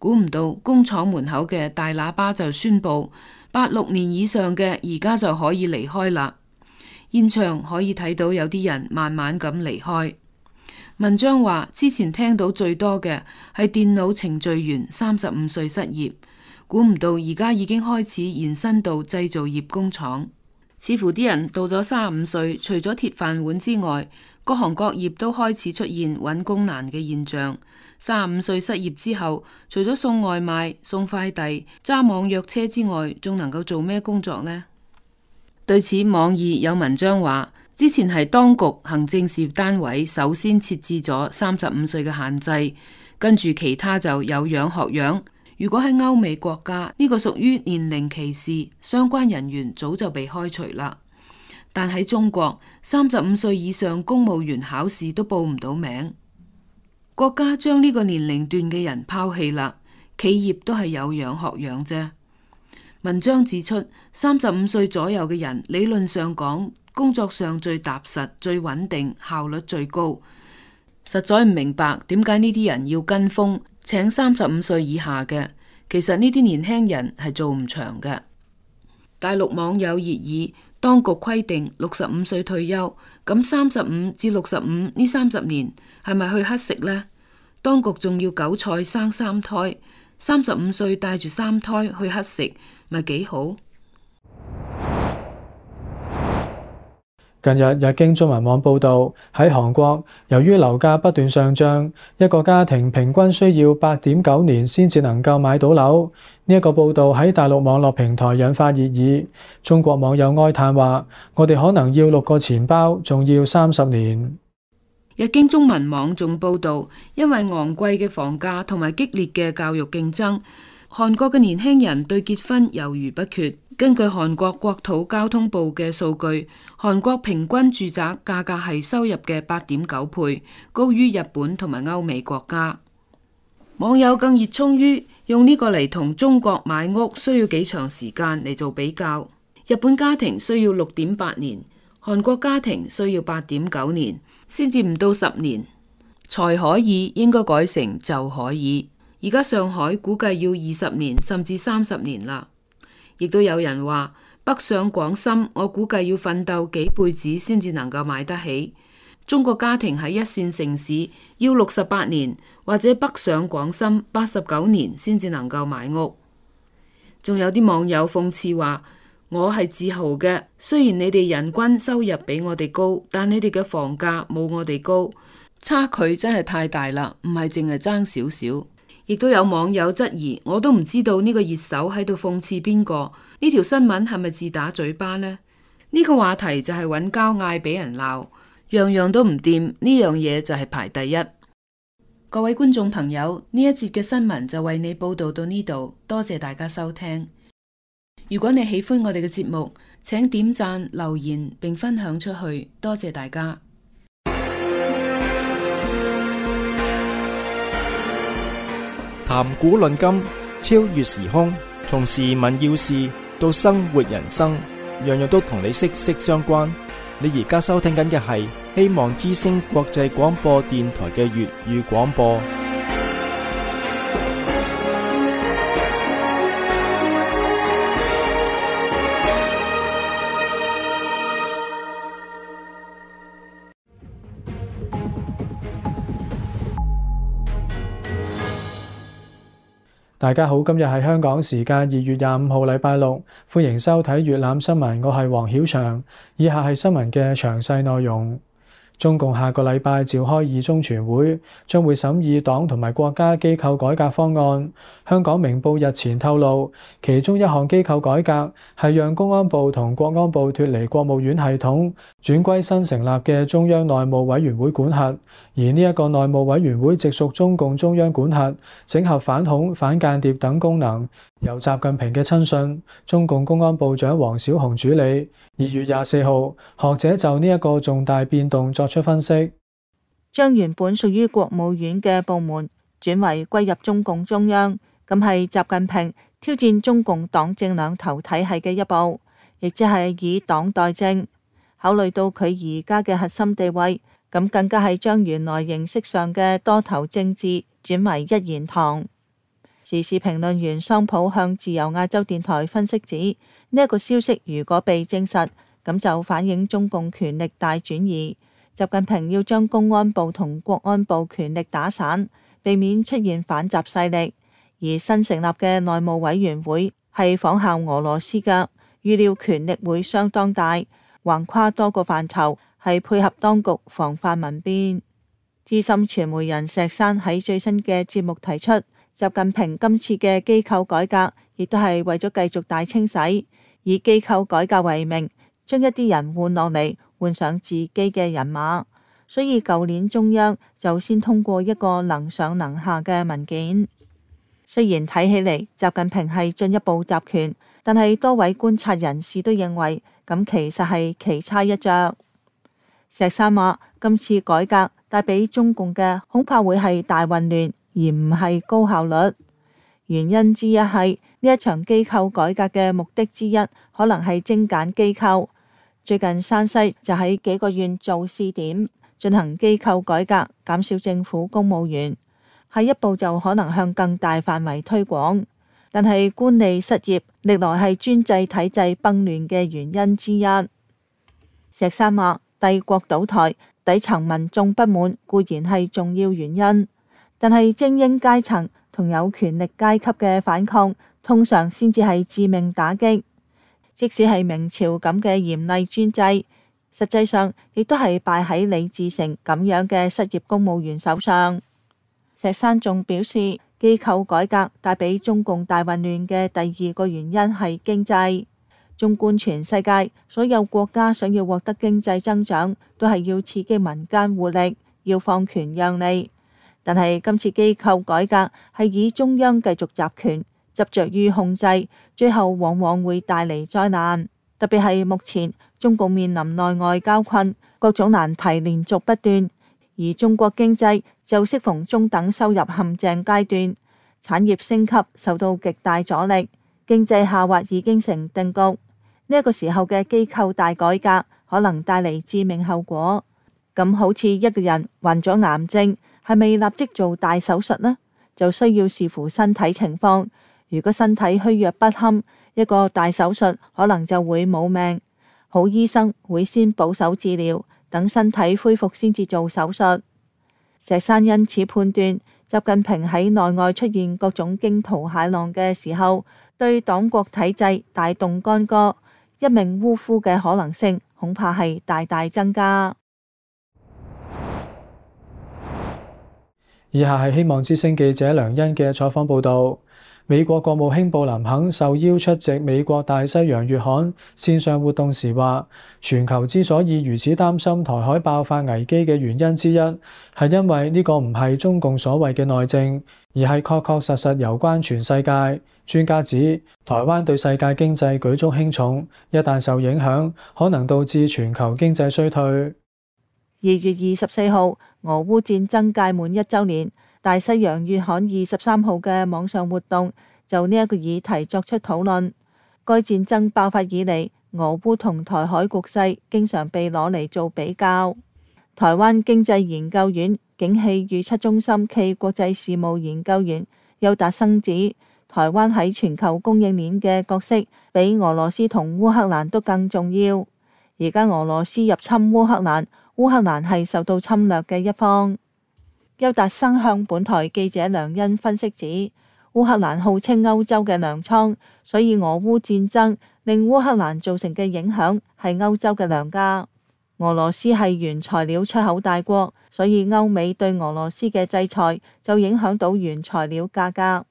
估唔到工廠門口嘅大喇叭就宣布，八六年以上嘅而家就可以離開啦。現場可以睇到有啲人慢慢咁離開。文章話：之前聽到最多嘅係電腦程序員三十五歲失業，估唔到而家已經開始延伸到製造業工廠。似乎啲人到咗三十五歲，除咗鐵飯碗之外，各行各業都開始出現揾工難嘅現象。三十五歲失業之後，除咗送外賣、送快遞、揸網約車之外，仲能夠做咩工作呢？對此，網易有文章話。之前係當局行政事業單位，首先設置咗三十五歲嘅限制，跟住其他就有樣學樣。如果喺歐美國家呢個屬於年齡歧視，相關人員早就被開除啦。但喺中國，三十五歲以上公務員考試都報唔到名，國家將呢個年齡段嘅人拋棄啦。企業都係有樣學樣啫。文章指出，三十五歲左右嘅人理論上講，工作上最踏實、最穩定、效率最高，實在唔明白點解呢啲人要跟風請三十五歲以下嘅。其實呢啲年輕人係做唔長嘅。大陸網友熱議，當局規定六十五歲退休，咁三十五至六十五呢三十年係咪去乞食呢？當局仲要韭菜生三胎，三十五歲帶住三胎去乞食，咪幾好？近日，日經中文網報道喺韓國，由於樓價不斷上漲，一個家庭平均需要八點九年先至能夠買到樓。呢、這、一個報道喺大陸網絡平台引發熱議，中國網友哀嘆話：我哋可能要六個錢包，仲要三十年。日經中文網仲報道，因為昂貴嘅房價同埋激烈嘅教育競爭，韓國嘅年輕人對結婚猶豫不決。根據韓國國土交通部嘅數據，韓國平均住宅價格係收入嘅八點九倍，高於日本同埋歐美國家。網友更熱衷於用呢個嚟，同中國買屋需要幾長時間嚟做比較。日本家庭需要六點八年，韓國家庭需要八點九年，先至唔到十年才可以，應該改成就可以。而家上海估計要二十年甚至三十年啦。亦都有人話北上廣深，我估計要奮鬥幾輩子先至能夠買得起。中國家庭喺一線城市要六十八年，或者北上廣深八十九年先至能夠買屋。仲有啲網友諷刺話：我係自豪嘅，雖然你哋人均收入比我哋高，但你哋嘅房價冇我哋高，差距真係太大啦，唔係淨係爭少少。亦都有網友質疑，我都唔知道呢個熱搜喺度諷刺邊個？呢條新聞係咪自打嘴巴呢？呢個話題就係揾交嗌俾人鬧，樣樣都唔掂，呢樣嘢就係排第一。各位觀眾朋友，呢一節嘅新聞就為你報道到呢度，多謝大家收聽。如果你喜歡我哋嘅節目，請點讚、留言並分享出去，多謝大家。談古論今，超越時空；從時聞要事到生活人生，樣樣都同你息息相關。你而家收聽緊嘅係希望之聲國際廣播電台嘅粵語廣播。大家好，今日係香港時間二月廿五號禮拜六，歡迎收睇粵覽新聞。我係黃曉翔，以下係新聞嘅詳細內容。中共下個禮拜召開二中全會，將會審議黨同埋國家機構改革方案。香港明報日前透露，其中一項機構改革係讓公安部同國安部脫離國務院系統，轉歸新成立嘅中央內務委員會管轄。而呢一個內務委員會直屬中共中央管轄，整合反恐、反間諜等功能，由習近平嘅親信中共公安部長王小洪處理。二月廿四號，學者就呢一個重大變動作出分析，將原本屬於國務院嘅部門轉為歸入中共中央。咁係習近平挑戰中共黨政兩頭體系嘅一步，亦即係以黨代政。考慮到佢而家嘅核心地位，咁更加係將原來形式上嘅多頭政治轉為一言堂。時事評論員桑普向自由亞洲電台分析指，呢、這、一個消息如果被證實，咁就反映中共權力大轉移，習近平要將公安部同國安部權力打散，避免出現反習勢力。而新成立嘅內務委員會係仿效俄羅斯嘅，預料權力會相當大，橫跨多個範疇，係配合當局防範民變。資深傳媒人石山喺最新嘅節目提出，習近平今次嘅機構改革亦都係為咗繼續大清洗，以機構改革為名，將一啲人換落嚟，換上自己嘅人馬。所以舊年中央就先通過一個能上能下嘅文件。雖然睇起嚟，習近平係進一步集權，但係多位觀察人士都認為，咁其實係奇差一着。石三岳啊，今次改革帶俾中共嘅，恐怕會係大混亂，而唔係高效率。原因之一係呢一場機構改革嘅目的之一，可能係精簡機構。最近山西就喺幾個縣做試點，進行機構改革，減少政府公務員。下一步就可能向更大範圍推廣，但係官吏失業歷來係專制體制崩亂嘅原因之一。石山默帝國倒台，底層民眾不滿固然係重要原因，但係精英階層同有權力階級嘅反抗，通常先至係致命打擊。即使係明朝咁嘅嚴厲專制，實際上亦都係敗喺李自成咁樣嘅失業公務員手上。石山仲表示，機構改革帶俾中共大混亂嘅第二個原因係經濟。縱觀全世界所有國家想要獲得經濟增長都係要刺激民間活力，要放權讓利。但係今次機構改革係以中央繼續集權執着於控制，最後往往會帶嚟災難，特別係目前中共面臨內外交困，各種難題連續不斷。而中國經濟就適逢中等收入陷阱階段，產業升級受到極大阻力，經濟下滑已經成定局。呢個時候嘅機構大改革，可能帶嚟致命後果。咁好似一個人患咗癌症，係咪立即做大手術呢？就需要視乎身體情況。如果身體虛弱不堪，一個大手術可能就會冇命。好醫生會先保守治療。等身體恢復先至做手術。石山因此判斷，習近平喺內外出現各種驚濤駭浪嘅時候，對黨國體制大動干戈，一命嗚呼嘅可能性恐怕係大大增加。以下係希望之星記者梁欣嘅採訪報導。美國國務卿布林肯受邀出席美國大西洋月刊線上活動時話：全球之所以如此擔心台海爆發危機嘅原因之一，係因為呢個唔係中共所謂嘅內政，而係確確實實有關全世界。專家指，台灣對世界經濟舉足輕重，一旦受影響，可能導致全球經濟衰退。二月二十四號，俄烏戰爭屆滿一周年。大西洋月刊二十三號嘅網上活動就呢一個議題作出討論。該戰爭爆發以嚟，俄烏同台海局勢經常被攞嚟做比較。台灣經濟研究院景氣預測中心暨國際事務研究院邱達生指，台灣喺全球供應鏈嘅角色比俄羅斯同烏克蘭都更重要。而家俄羅斯入侵烏克蘭，烏克蘭係受到侵略嘅一方。邱達生向本台記者梁恩分析指，烏克蘭號稱歐洲嘅糧倉，所以俄烏戰爭令烏克蘭造成嘅影響係歐洲嘅糧價。俄羅斯係原材料出口大國，所以歐美對俄羅斯嘅制裁就影響到原材料價格。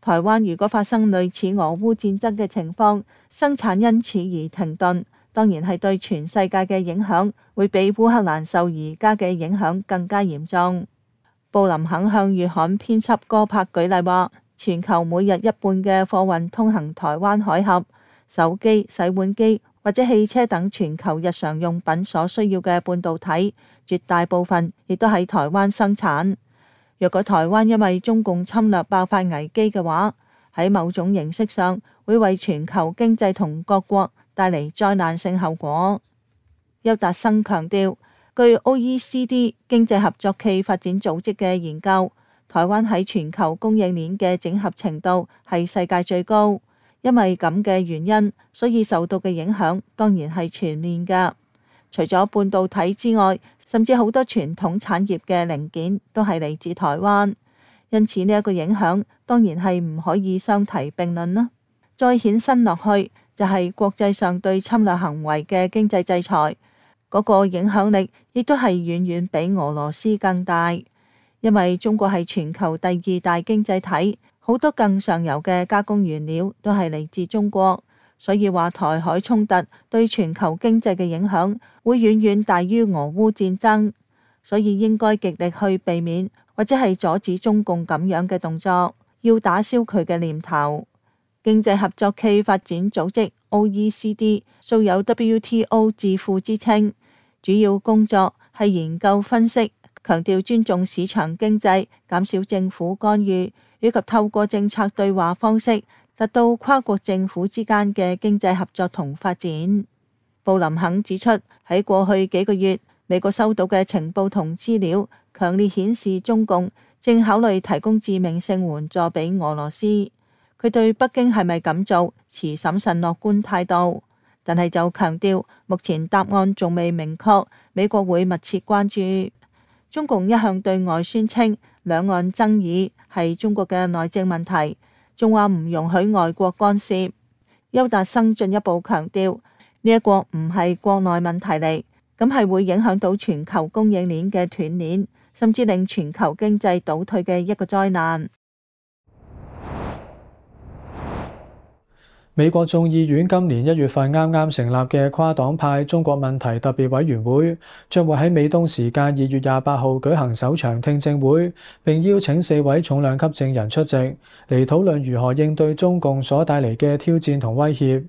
台灣如果發生類似俄烏戰爭嘅情況，生產因此而停頓，當然係對全世界嘅影響會比烏克蘭受而家嘅影響更加嚴重。布林肯向《月刊》編輯哥柏舉例話：全球每日一半嘅貨運通行台灣海峽，手機、洗碗機或者汽車等全球日常用品所需要嘅半導體，絕大部分亦都喺台灣生產。若果台灣因為中共侵略爆發危機嘅話，喺某種形式上會為全球經濟同各國帶嚟災難性後果。邱達生強調。據 OECD 經濟合作暨發展組織嘅研究，台灣喺全球供應鏈嘅整合程度係世界最高。因為咁嘅原因，所以受到嘅影響當然係全面噶。除咗半導體之外，甚至好多傳統產業嘅零件都係嚟自台灣，因此呢一個影響當然係唔可以相提並論啦。再延伸落去，就係、是、國際上對侵略行為嘅經濟制裁。嗰個影響力亦都係遠遠比俄羅斯更大，因為中國係全球第二大經濟體，好多更上游嘅加工原料都係嚟自中國，所以話台海衝突對全球經濟嘅影響會遠遠大於俄烏戰爭，所以應該極力去避免或者係阻止中共咁樣嘅動作，要打消佢嘅念頭。經濟合作暨發展組織 （OECD） 素有 WTO 致富之稱，主要工作係研究分析，強調尊重市場經濟，減少政府干預，以及透過政策對話方式達到跨國政府之間嘅經濟合作同發展。布林肯指出，喺過去幾個月，美國收到嘅情報同資料，強烈顯示中共正考慮提供致命性援助俾俄羅斯。佢對北京係咪咁做，持審慎樂觀態度，但係就強調目前答案仲未明確，美國會密切關注。中共一向對外宣稱，兩岸爭議係中國嘅內政問題，仲話唔容許外國干涉。丘達生進一步強調，呢一個唔係國內問題嚟，咁係會影響到全球供應鏈嘅斷鏈，甚至令全球經濟倒退嘅一個災難。美國眾議院今年一月份啱啱成立嘅跨黨派中國問題特別委員會，將會喺美東時間二月廿八號舉行首場聽證會，並邀請四位重量級證人出席，嚟討論如何應對中共所帶嚟嘅挑戰同威脅。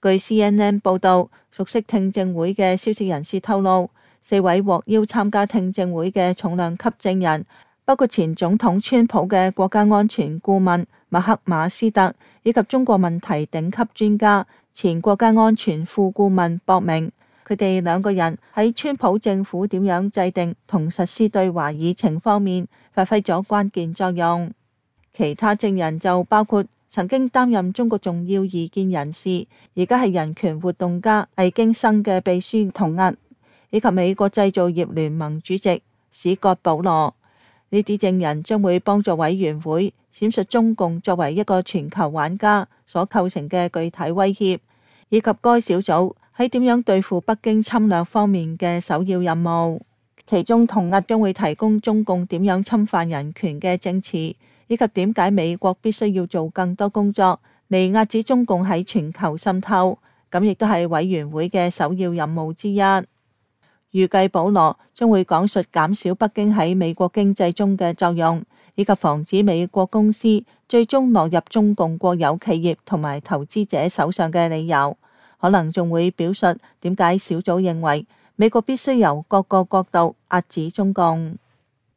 據 CNN 報道，熟悉聽證會嘅消息人士透露，四位獲邀參加聽證會嘅重量級證人，包括前總統川普嘅國家安全顧問。麥克馬斯特以及中國問題頂級專家、前國家安全副顧問博明，佢哋兩個人喺川普政府點樣制定同實施對華議程方面發揮咗關鍵作用。其他證人就包括曾經擔任中國重要異見人士，而家係人權活動家魏京生嘅秘書童屹，以及美國製造業聯盟主席史葛保羅。呢啲證人將會幫助委員會。闡述中共作為一個全球玩家所構成嘅具體威脅，以及該小組喺點樣對付北京侵略方面嘅首要任務。其中，同額將會提供中共點樣侵犯人權嘅證詞，以及點解美國必須要做更多工作嚟遏止中共喺全球滲透。咁亦都係委員會嘅首要任務之一。預計保羅將會講述減少北京喺美國經濟中嘅作用。以及防止美國公司最終落入中共國有企業同埋投資者手上嘅理由，可能仲會表述點解小組認為美國必須由各個角度壓制中共。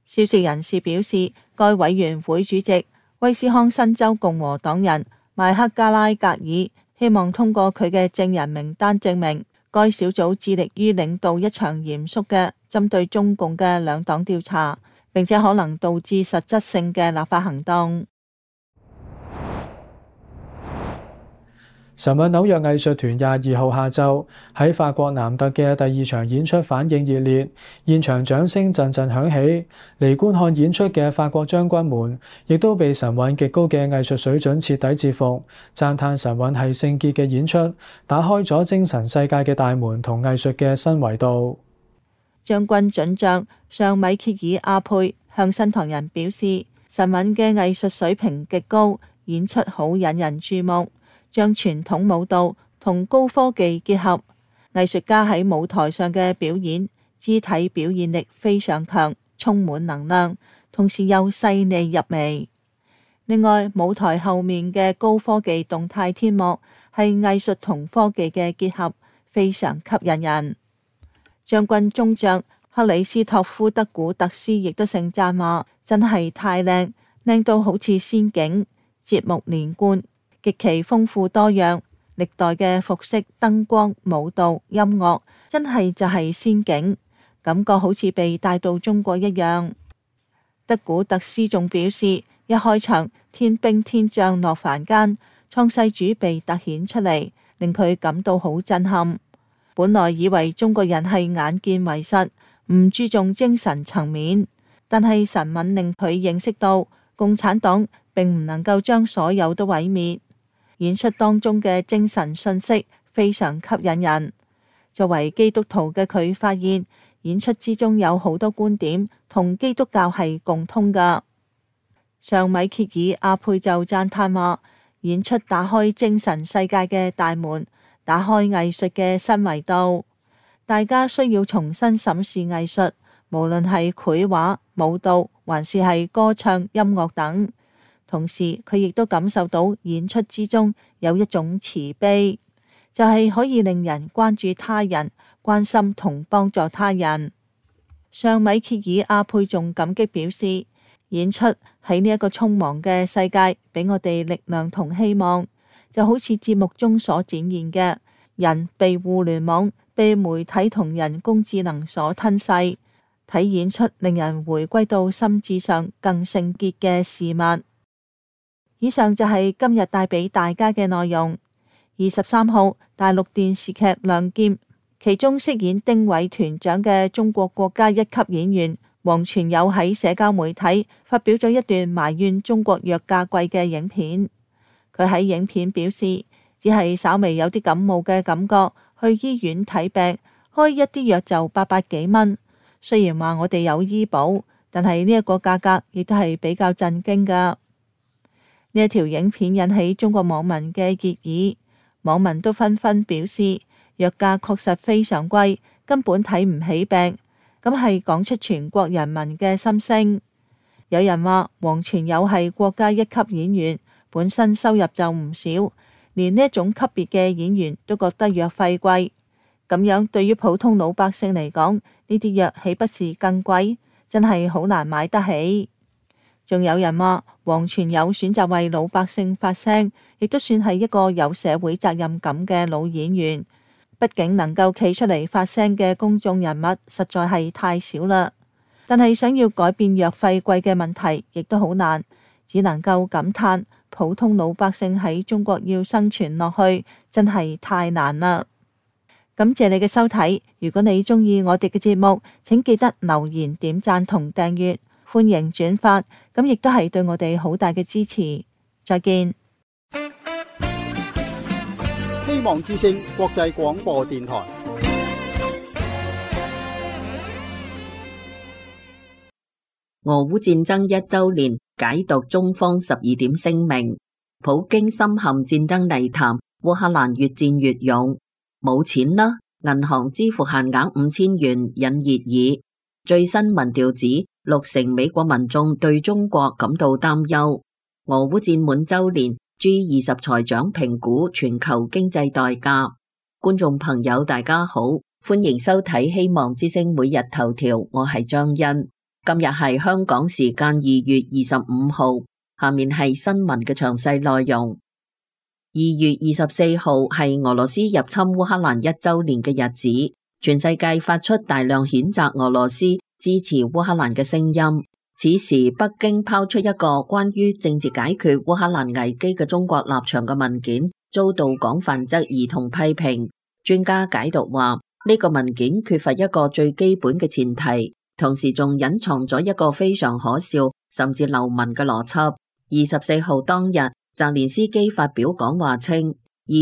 消息人士表示，該委員會主席威斯康辛州共和黨人麥克加拉格爾希望通過佢嘅證人名單證明，該小組致力於領導一場嚴肅嘅針對中共嘅兩黨調查。並且可能導致實質性嘅立法行動。神韻紐約藝術團廿二號下晝喺法國南特嘅第二場演出反應熱烈，現場掌聲陣陣響起。嚟觀看演出嘅法國將軍們亦都被神韻極高嘅藝術水準徹底折服，讚歎神韻係聖潔嘅演出，打開咗精神世界嘅大門同藝術嘅新維度。將軍准將尚米歇爾阿佩向新唐人表示，神韻嘅藝術水平極高，演出好引人注目，將傳統舞蹈同高科技結合。藝術家喺舞台上嘅表演，肢體表現力非常強，充滿能量，同時又細膩入微。另外，舞台後面嘅高科技動態天幕，係藝術同科技嘅結合，非常吸引人。將軍中將克里斯托夫德古特斯亦都盛讚話、啊：真係太靚，靚到好似仙境。節目連貫，極其豐富多樣。歷代嘅服飾、燈光、舞蹈、音樂，真係就係仙境，感覺好似被帶到中國一樣。德古特斯仲表示，一開場天兵天將落凡間，創世主被突顯出嚟，令佢感到好震撼。本來以為中國人係眼見為實，唔注重精神層面，但係神韻令佢認識到共產黨並唔能夠將所有都毀滅。演出當中嘅精神信息非常吸引人。作為基督徒嘅佢發現，演出之中有好多觀點同基督教係共通㗎。尚米歇爾阿佩就讚嘆話，演出打開精神世界嘅大門。打開藝術嘅新維度，大家需要重新審視藝術，無論係繪畫、舞蹈，還是係歌唱、音樂等。同時，佢亦都感受到演出之中有一種慈悲，就係、是、可以令人關注他人、關心同幫助他人。尚米歇爾阿佩仲感激表示，演出喺呢一個匆忙嘅世界，俾我哋力量同希望。就好似節目中所展現嘅人被互聯網被媒體同人工智能所吞噬，體現出令人回歸到心智上更聖潔嘅事物。以上就係今日帶俾大家嘅內容。二十三號大陸電視劇亮劍，其中飾演丁偉團長嘅中國國家一級演員王全有喺社交媒體發表咗一段埋怨中國藥價貴嘅影片。佢喺影片表示，只係稍微有啲感冒嘅感覺，去醫院睇病，開一啲藥就八百幾蚊。雖然話我哋有醫保，但係呢一個價格亦都係比較震驚噶。呢一條影片引起中國網民嘅熱議，網民都紛紛表示，藥價確實非常貴，根本睇唔起病。咁係講出全國人民嘅心聲。有人話黃全友係國家一級演員。本身收入就唔少，連呢一種級別嘅演員都覺得藥費貴，咁樣對於普通老百姓嚟講，呢啲藥豈不是更貴？真係好難買得起。仲有人話黃全有選擇為老百姓發聲，亦都算係一個有社會責任感嘅老演員。畢竟能夠企出嚟發聲嘅公眾人物實在係太少啦。但係想要改變藥費貴嘅問題，亦都好難，只能夠感嘆。普通老百姓喺中國要生存落去，真係太難啦！感謝你嘅收睇，如果你中意我哋嘅節目，請記得留言、點讚同訂閱，歡迎轉發，咁亦都係對我哋好大嘅支持。再見！希望之聲國際廣播電台。俄烏戰爭一周年，解讀中方十二點聲明。普京深陷戰爭泥潭，烏克蘭越戰越勇，冇錢啦！銀行支付限額五千元引熱議。最新民調指六成美國民眾對中國感到擔憂。俄烏戰滿周年，G 二十財長評估全球經濟代價。觀眾朋友大家好，歡迎收睇希望之聲每日頭條，我係張欣。今日係香港時間二月二十五號，下面係新聞嘅詳細內容。二月二十四號係俄羅斯入侵烏克蘭一周年嘅日子，全世界發出大量譴責俄羅斯支持烏克蘭嘅聲音。此時，北京拋出一個關於政治解決烏克蘭危機嘅中國立場嘅文件，遭到廣泛質疑同批評。專家解讀話，呢個文件缺乏一個最基本嘅前提。同時仲隱藏咗一個非常可笑甚至流氓嘅邏輯。二十四號當日，澤連斯基發表講話稱：二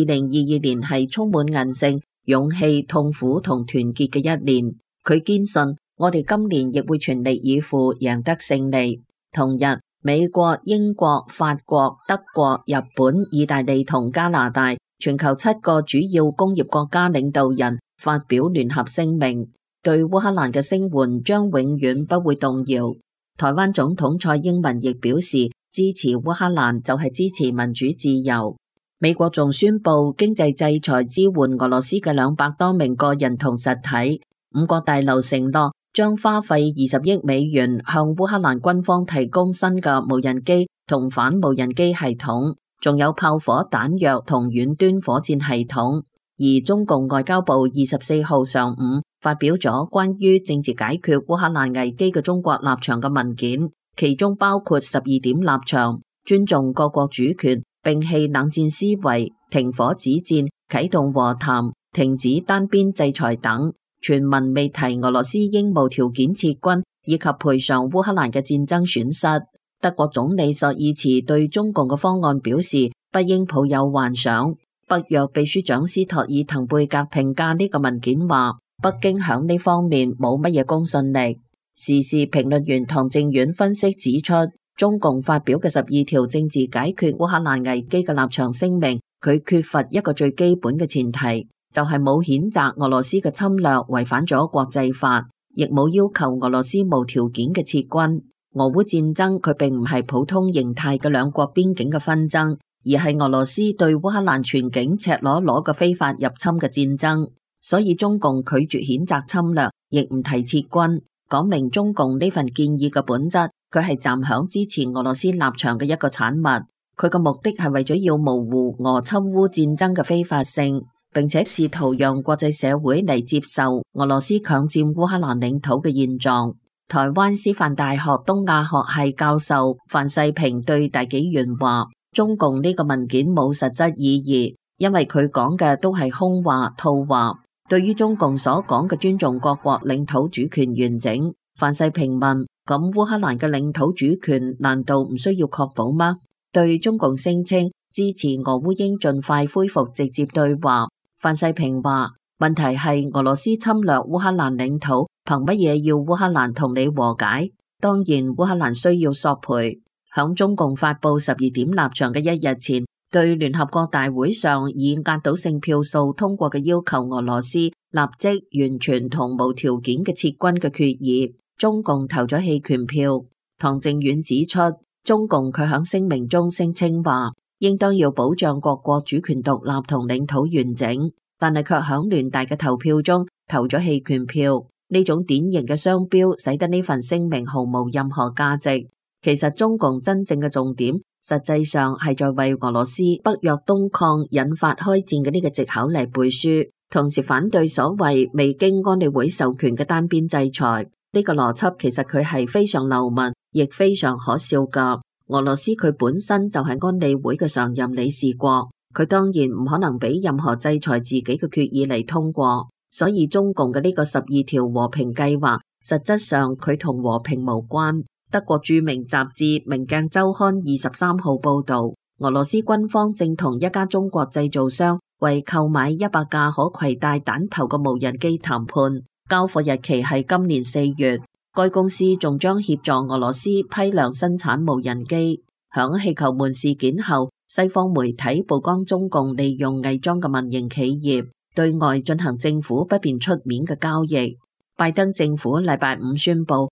零二二年係充滿韌性、勇氣、痛苦同團結嘅一年。佢堅信我哋今年亦會全力以赴贏得勝利。同日，美國、英國、法國、德國、日本、意大利同加拿大全球七個主要工業國家領導人發表聯合聲明。對烏克蘭嘅聲援將永遠不會動搖。台灣總統蔡英文亦表示支持烏克蘭，就係支持民主自由。美國仲宣布經濟制裁支援俄羅斯嘅兩百多名個人同實體。五角大樓承諾將花費二十億美元向烏克蘭軍方提供新嘅無人機同反無人機系統，仲有炮火彈藥同遠端火箭系統。而中共外交部二十四號上午發表咗關於政治解決烏克蘭危機嘅中國立場嘅文件，其中包括十二點立場：尊重各國主權、摒棄冷戰思維、停火止戰、啟動和談、停止單邊制裁等。全文未提俄羅斯應無條件撤軍，以及賠償烏克蘭嘅戰爭損失。德國總理索爾茨對中共嘅方案表示不應抱有幻想。北約秘書長斯托爾滕貝格評價呢個文件話：北京喺呢方面冇乜嘢公信力。時事評論員唐正遠分析指出，中共發表嘅十二條政治解決烏克蘭危機嘅立場聲明，佢缺乏一個最基本嘅前提，就係冇譴責俄羅斯嘅侵略違反咗國際法，亦冇要求俄羅斯無條件嘅撤軍。俄烏戰爭，佢並唔係普通形態嘅兩國邊境嘅紛爭，而係俄羅斯對烏克蘭全境赤裸裸嘅非法入侵嘅戰爭。所以中共拒絕譴責侵略，亦唔提撤軍，講明中共呢份建議嘅本質，佢係站響支持俄羅斯立場嘅一個產物。佢嘅目的係為咗要模糊俄侵烏戰爭嘅非法性，並且試圖讓國際社會嚟接受俄羅斯強占烏克蘭領土嘅現狀。台灣師範大學東亞學系教授范世平對大紀元話：中共呢個文件冇實質意義，因為佢講嘅都係空話套話。對於中共所講嘅尊重各國領土主權完整，范世平問：咁烏克蘭嘅領土主權難道唔需要確保嗎？對中共聲稱支持俄烏應盡快恢復直接對話，范世平話：問題係俄羅斯侵略烏克蘭領土，憑乜嘢要烏克蘭同你和解？當然，烏克蘭需要索賠。響中共發布十二點立場嘅一日前。對聯合國大會上以壓倒性票數通過嘅要求俄羅斯立即完全同無條件嘅撤軍嘅決議，中共投咗棄權票。唐靖遠指出，中共佢響聲明中聲稱話，應當要保障各國主權獨立同領土完整，但係卻響聯大嘅投票中投咗棄權票。呢種典型嘅雙標，使得呢份聲明毫無任何價值。其實中共真正嘅重點。實際上係在為俄羅斯北約東擴引發開戰嘅呢個借口嚟背書，同時反對所謂未經安理會授權嘅單邊制裁。呢個邏輯其實佢係非常流氓，亦非常可笑噶。俄羅斯佢本身就係安理會嘅常任理事國，佢當然唔可能俾任何制裁自己嘅決議嚟通過。所以中共嘅呢個十二條和平計劃，實質上佢同和平無關。德國著名雜誌《明鏡周刊》二十三號報道，俄羅斯軍方正同一家中國製造商為購買一百架可携帶彈頭嘅無人機談判，交貨日期係今年四月。該公司仲將協助俄羅斯批量生產無人機。響氣球門事件後，西方媒體曝光中共利用偽裝嘅民營企業對外進行政府不便出面嘅交易。拜登政府禮拜五宣布。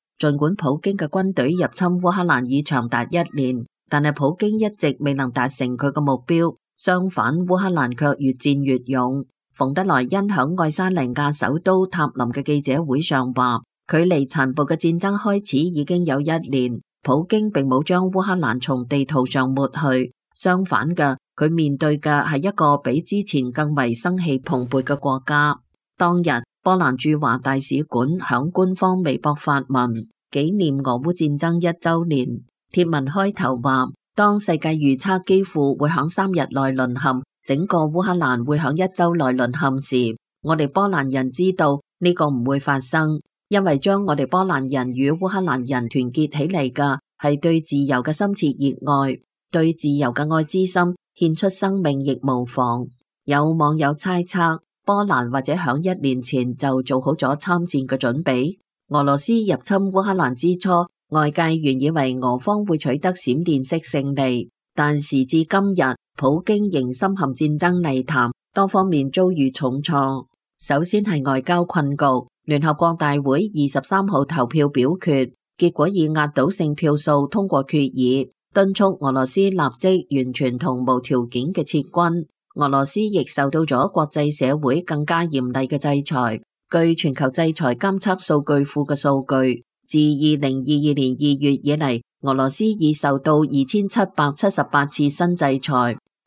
儘管普京嘅軍隊入侵烏克蘭已長達一年，但係普京一直未能達成佢嘅目標。相反，烏克蘭卻越戰越勇。馮德萊恩響愛沙尼亞首都塔林嘅記者會上話：距離殘暴嘅戰爭開始已經有一年，普京並冇將烏克蘭從地圖上抹去。相反嘅，佢面對嘅係一個比之前更為生氣蓬勃嘅國家。當日。波蘭駐華大使館響官方微博發文紀念俄烏戰爭一周年。帖文開頭話：當世界預測幾乎會響三日內淪陷，整個烏克蘭會響一周內淪陷時，我哋波蘭人知道呢個唔會發生，因為將我哋波蘭人與烏克蘭人團結起嚟嘅係對自由嘅深切熱愛，對自由嘅愛之心，獻出生命亦無妨。有網友猜測。波蘭或者響一年前就做好咗參戰嘅準備。俄羅斯入侵烏克蘭之初，外界原以為俄方會取得閃電式勝利，但時至今日，普京仍深陷戰爭泥潭，多方面遭遇重挫。首先係外交困局，聯合國大會二十三號投票表決，結果以壓倒性票數通過決議，敦促俄羅斯立即完全同無條件嘅撤軍。俄羅斯亦受到咗國際社會更加嚴厲嘅制裁。據全球制裁監測數據庫嘅數據，自二零二二年二月以嚟，俄羅斯已受到二千七百七十八次新制裁，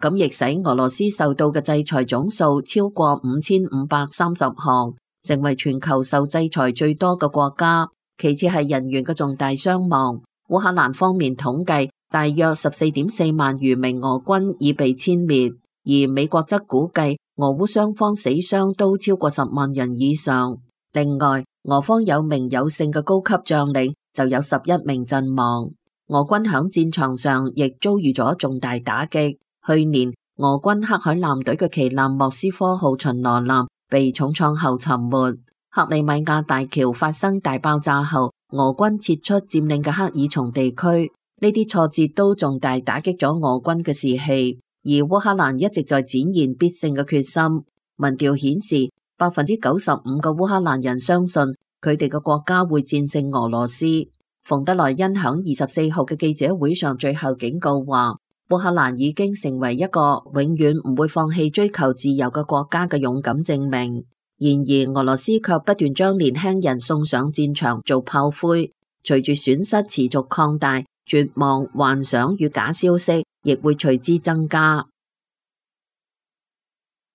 咁亦使俄羅斯受到嘅制裁總數超過五千五百三十項，成為全球受制裁最多嘅國家。其次係人員嘅重大傷亡，烏克蘭方面統計大約十四點四萬餘名俄軍已被殲滅。而美國則估計俄烏雙方死傷都超過十萬人以上，另外俄方有名有姓嘅高級將領就有十一名陣亡。俄軍響戰場上亦遭遇咗重大打擊。去年俄軍黑海艦隊嘅旗艦莫斯科號巡邏艦被重創後沉沒，克里米亞大橋發生大爆炸後，俄軍撤出佔領嘅黑爾松地區，呢啲挫折都重大打擊咗俄軍嘅士氣。而烏克蘭一直在展現必勝嘅決心。民調顯示，百分之九十五嘅烏克蘭人相信佢哋嘅國家會戰勝俄羅斯。馮德萊恩響二十四號嘅記者會上最後警告話，烏克蘭已經成為一個永遠唔會放棄追求自由嘅國家嘅勇敢證明。然而，俄羅斯卻不斷將年輕人送上戰場做炮灰，隨住損失持續擴大。絕望、幻想與假消息亦會隨之增加。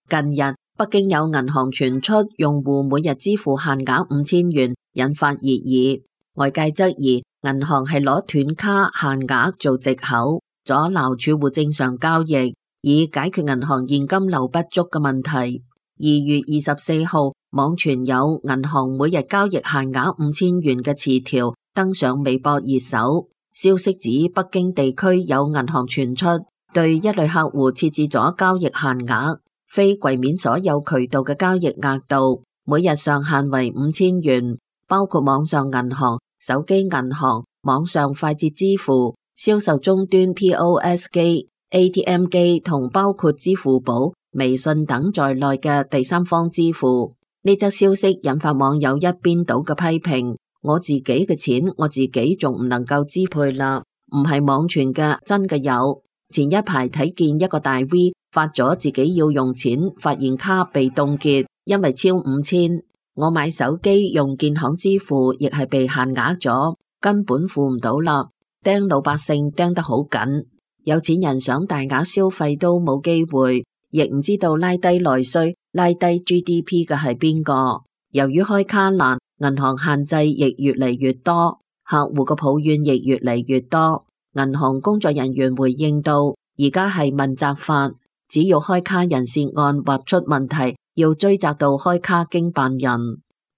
近日，北京有銀行傳出用戶每日支付限額五千元，引發熱議。外界質疑銀行係攞斷卡限額做藉口，阻撓儲戶正常交易，以解決銀行現金流不足嘅問題。二月二十四號，網傳有銀行每日交易限額五千元嘅詞條登上微博熱搜。消息指北京地區有銀行傳出對一類客戶設置咗交易限額，非櫃面所有渠道嘅交易額度每日上限為五千元，包括網上銀行、手機銀行、網上快捷支付、銷售終端 POS 機、ATM 機同包括支付寶、微信等在內嘅第三方支付。呢則消息引發網友一邊倒嘅批評。我自己嘅錢我自己仲唔能夠支配啦，唔係網傳嘅，真嘅有。前一排睇見一個大 V 發咗自己要用錢，發現卡被凍結，因為超五千。我買手機用建行支付亦係被限額咗，根本付唔到啦。盯老百姓盯得好緊，有錢人想大額消費都冇機會，亦唔知道拉低內需、拉低 GDP 嘅係邊個。由於開卡難。銀行限制亦越嚟越多，客戶嘅抱怨亦越嚟越多。銀行工作人員回應道：而家係問責法，只要開卡人涉案或出問題，要追責到開卡經辦人。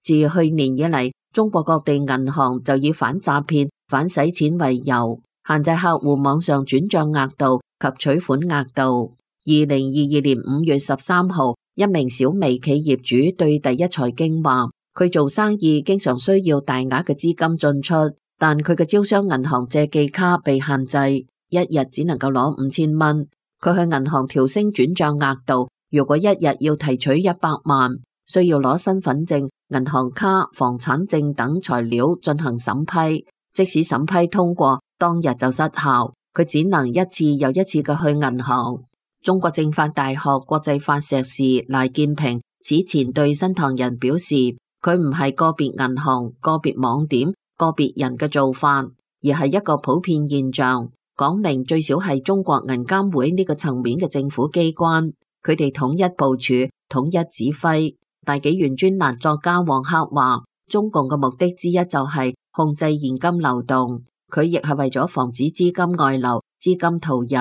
自去年以來，中國各地銀行就以反詐騙、反洗錢為由，限制客戶網上轉賬額度及取款額度。二零二二年五月十三號，一名小微企業主對第一財經話。佢做生意經常需要大額嘅資金進出，但佢嘅招商銀行借記卡被限制，一日只能夠攞五千蚊。佢去銀行調升轉賬額度，如果一日要提取一百萬，需要攞身份證、銀行卡、房產證等材料進行審批。即使審批通過，當日就失效，佢只能一次又一次嘅去銀行。中國政法大學國際法碩士賴建平此前對新唐人表示。佢唔係個別銀行、個別網點、個別人嘅做法，而係一個普遍現象，講明最少係中國銀監會呢個層面嘅政府機關，佢哋統一部署、統一指揮。大紀元專欄作家王克話，中共嘅目的之一就係控制現金流動，佢亦係為咗防止資金外流、資金逃逸。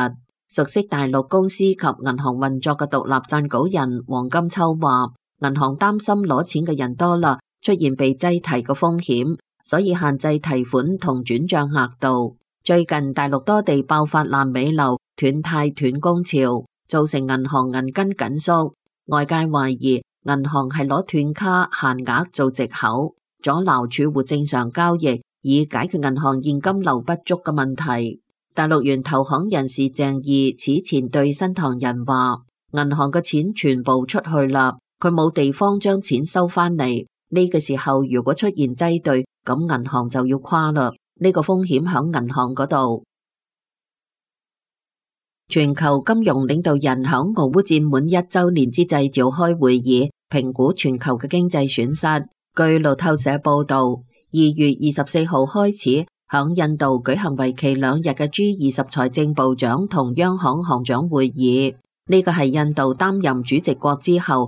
熟悉大陸公司及銀行運作嘅獨立撰稿人王金秋話。銀行擔心攞錢嘅人多啦，出現被擠提嘅風險，所以限制提款同轉賬額度。最近大陸多地爆發爛尾樓斷貸斷供潮，造成銀行銀根緊縮。外界懷疑銀行係攞斷卡限額做藉口，阻撓儲戶正常交易，以解決銀行現金流不足嘅問題。大陸原投行人士鄭義此前對新唐人話，銀行嘅錢全部出去啦。佢冇地方將錢收返嚟，呢個時候如果出現擠兌，咁銀行就要垮啦。呢個風險響銀行嗰度。全球金融領導人響俄烏戰滿一周年之際召開會議，評估全球嘅經濟損失。據路透社報道，二月二十四號開始響印度舉行為期兩日嘅 G 二十財政部長同央行行長會議。呢個係印度擔任主席國之後。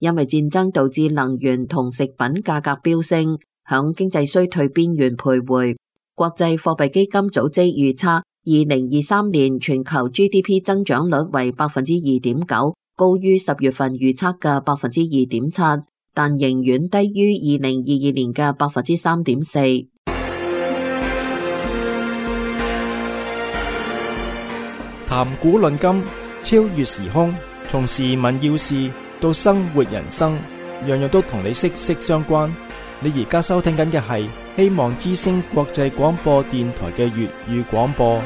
因為戰爭導致能源同食品價格飆升，響經濟衰退邊緣徘徊。國際貨幣基金組織預測，二零二三年全球 GDP 增長率為百分之二點九，高於十月份預測嘅百分之二點七，但仍遠低於二零二二年嘅百分之三點四。談古論今：超越時空，從時聞要事。到生活人生，樣樣都同你息息相關。你而家收聽緊嘅係希望之聲國際廣播電台嘅粵語廣播。